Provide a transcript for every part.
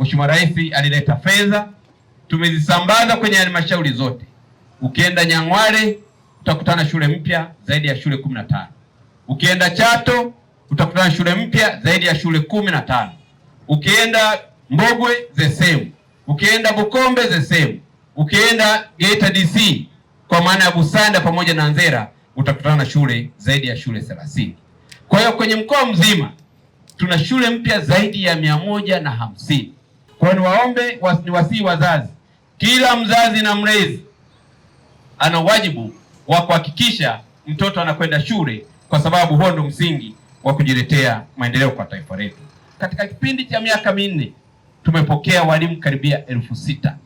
Mheshimiwa Rais alileta fedha, tumezisambaza kwenye halmashauri zote. Ukienda Nyang'wale utakutana shule mpya zaidi ya shule kumi na tano. Ukienda Chato utakutana shule mpya zaidi ya shule kumi na tano. Ukienda Mbogwe the same, ukienda Bukombe the same, ukienda Geita DC kwa maana ya Busanda pamoja na Nzera utakutana na shule zaidi ya shule thelathini. Kwa hiyo kwenye mkoa mzima tuna shule mpya zaidi ya mia moja na hamsini. Kwa ni waombe niwasihi wazazi, kila mzazi na mlezi ana wajibu wa kuhakikisha mtoto anakwenda shule, kwa sababu huo ndo msingi wa kujiletea maendeleo kwa taifa letu. Katika kipindi cha miaka minne tumepokea walimu karibia elfu sita.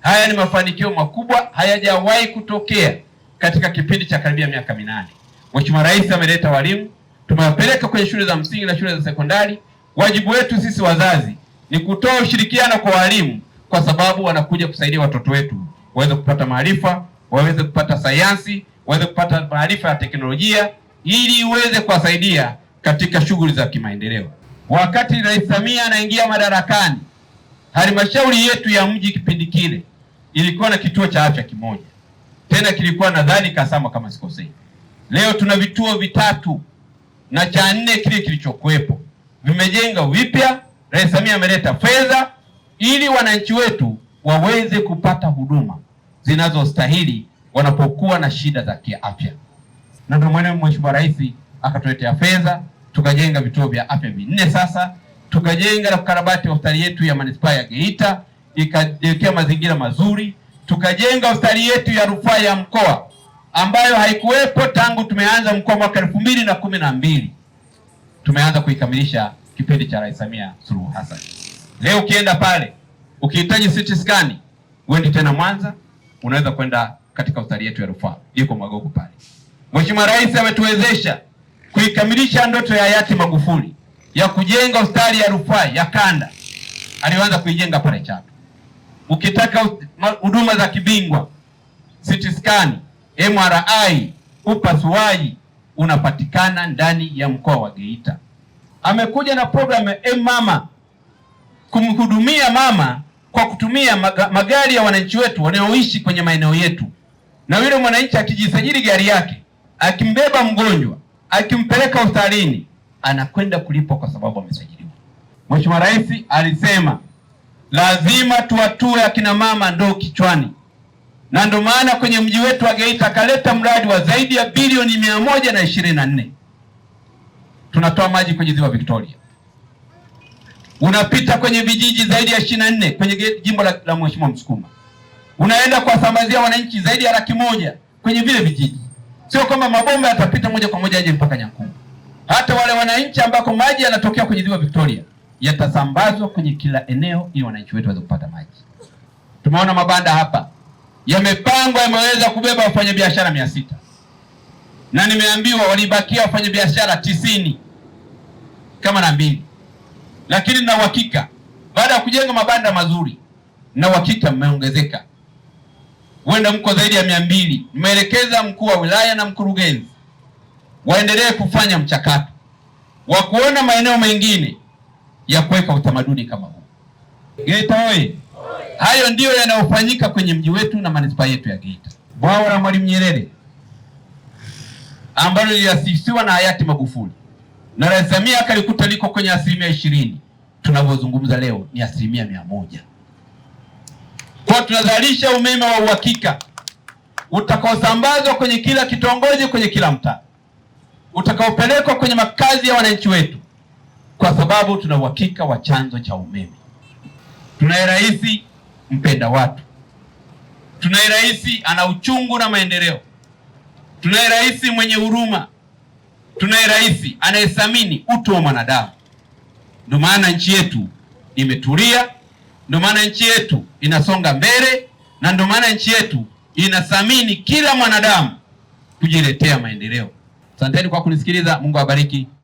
Haya ni mafanikio makubwa, hayajawahi kutokea katika kipindi cha karibia miaka minane. Mheshimiwa Rais ameleta walimu, tumewapeleka kwenye shule za msingi na shule za sekondari. Wajibu wetu sisi wazazi ni kutoa ushirikiano kwa walimu, kwa sababu wanakuja kusaidia watoto wetu waweze kupata maarifa, waweze kupata sayansi, waweze kupata maarifa ya teknolojia, ili iweze kuwasaidia katika shughuli za kimaendeleo. Wakati Rais Samia anaingia madarakani, halmashauri yetu ya mji kipindi kile ilikuwa na kituo cha afya kimoja, tena kilikuwa nadhani Kasama kama sikosei. Leo tuna vituo vitatu na cha nne kile kilichokuwepo vimejenga vipya Rais Samia ameleta fedha ili wananchi wetu waweze kupata huduma zinazostahili wanapokuwa na shida za kiafya, na ndio maana Mheshimiwa Rais akatuletea fedha tukajenga vituo vya afya vinne, sasa tukajenga na kukarabati hospitali yetu ya manispaa ya Geita ikajiwekea mazingira mazuri, tukajenga hospitali yetu ya rufaa ya mkoa ambayo haikuwepo tangu tumeanza mkoa mwaka elfu mbili na kumi na mbili tumeanza kuikamilisha kipindi cha Rais Samia Suluhu Hassan. Leo ukienda pale ukihitaji CT scan, uende tena Mwanza, unaweza kwenda katika hospitali yetu ya rufaa iko Magogo pale. Mheshimiwa Rais ametuwezesha kuikamilisha ndoto ya hayati Magufuli ya kujenga hospitali ya rufaa ya kanda, alianza kuijenga pale Chato. Ukitaka huduma za kibingwa, CT scan, MRI, upasuaji unapatikana ndani ya mkoa wa Geita amekuja na program ya e mama kumhudumia mama kwa kutumia magari ya wananchi wetu wanaoishi kwenye maeneo yetu, na yule mwananchi akijisajili gari yake akimbeba mgonjwa akimpeleka hospitalini anakwenda kulipwa kwa sababu amesajiliwa. Mheshimiwa Rais alisema lazima tuwatue akina mama ndoo kichwani, na ndio maana kwenye mji wetu wa Geita akaleta mradi wa zaidi ya bilioni mia moja na ishirini na nne tunatoa maji kwenye ziwa Victoria, unapita kwenye vijiji zaidi ya ishirini na nne kwenye jimbo la, la mheshimiwa Msukuma, unaenda kuwasambazia wananchi zaidi ya laki moja kwenye vile vijiji. Sio kwamba mabomba yatapita moja kwa moja aje mpaka Nyankumbu, Hata wale wananchi ambako maji yanatokea kwenye ziwa Victoria yatasambazwa kwenye kila eneo, ili wananchi wetu waweze kupata maji. Tumeona mabanda hapa yamepangwa, yameweza kubeba wafanyabiashara mia sita na nimeambiwa walibakia wafanyabiashara tisini kama na mbili, lakini na uhakika baada ya kujenga mabanda mazuri na uhakika mmeongezeka, huenda mko zaidi ya mia mbili. Nimeelekeza mkuu wa wilaya na mkurugenzi waendelee kufanya mchakato wa kuona maeneo mengine ya kuweka utamaduni kama huu. Geita oye! Hayo ndiyo yanayofanyika kwenye mji wetu na manispaa yetu ya Geita. Bwawa la Mwalimu Nyerere ambalo liliasisiwa na hayati Magufuli na Rais Samia akalikuta liko kwenye asilimia ishirini. Tunavyozungumza leo ni asilimia mia moja. Kwa tunazalisha umeme wa uhakika utakaosambazwa kwenye kila kitongoji, kwenye kila mtaa, utakaopelekwa kwenye makazi ya wananchi wetu, kwa sababu tuna uhakika wa chanzo cha umeme. Tunaye rais mpenda watu, tunaye rais ana uchungu na maendeleo, tunaye rais mwenye huruma tunaye rais anayethamini utu wa mwanadamu. Ndio maana nchi yetu imetulia, ndio maana nchi yetu inasonga mbele, na ndio maana nchi yetu inathamini kila mwanadamu kujiletea maendeleo. Asanteni kwa kunisikiliza. Mungu awabariki.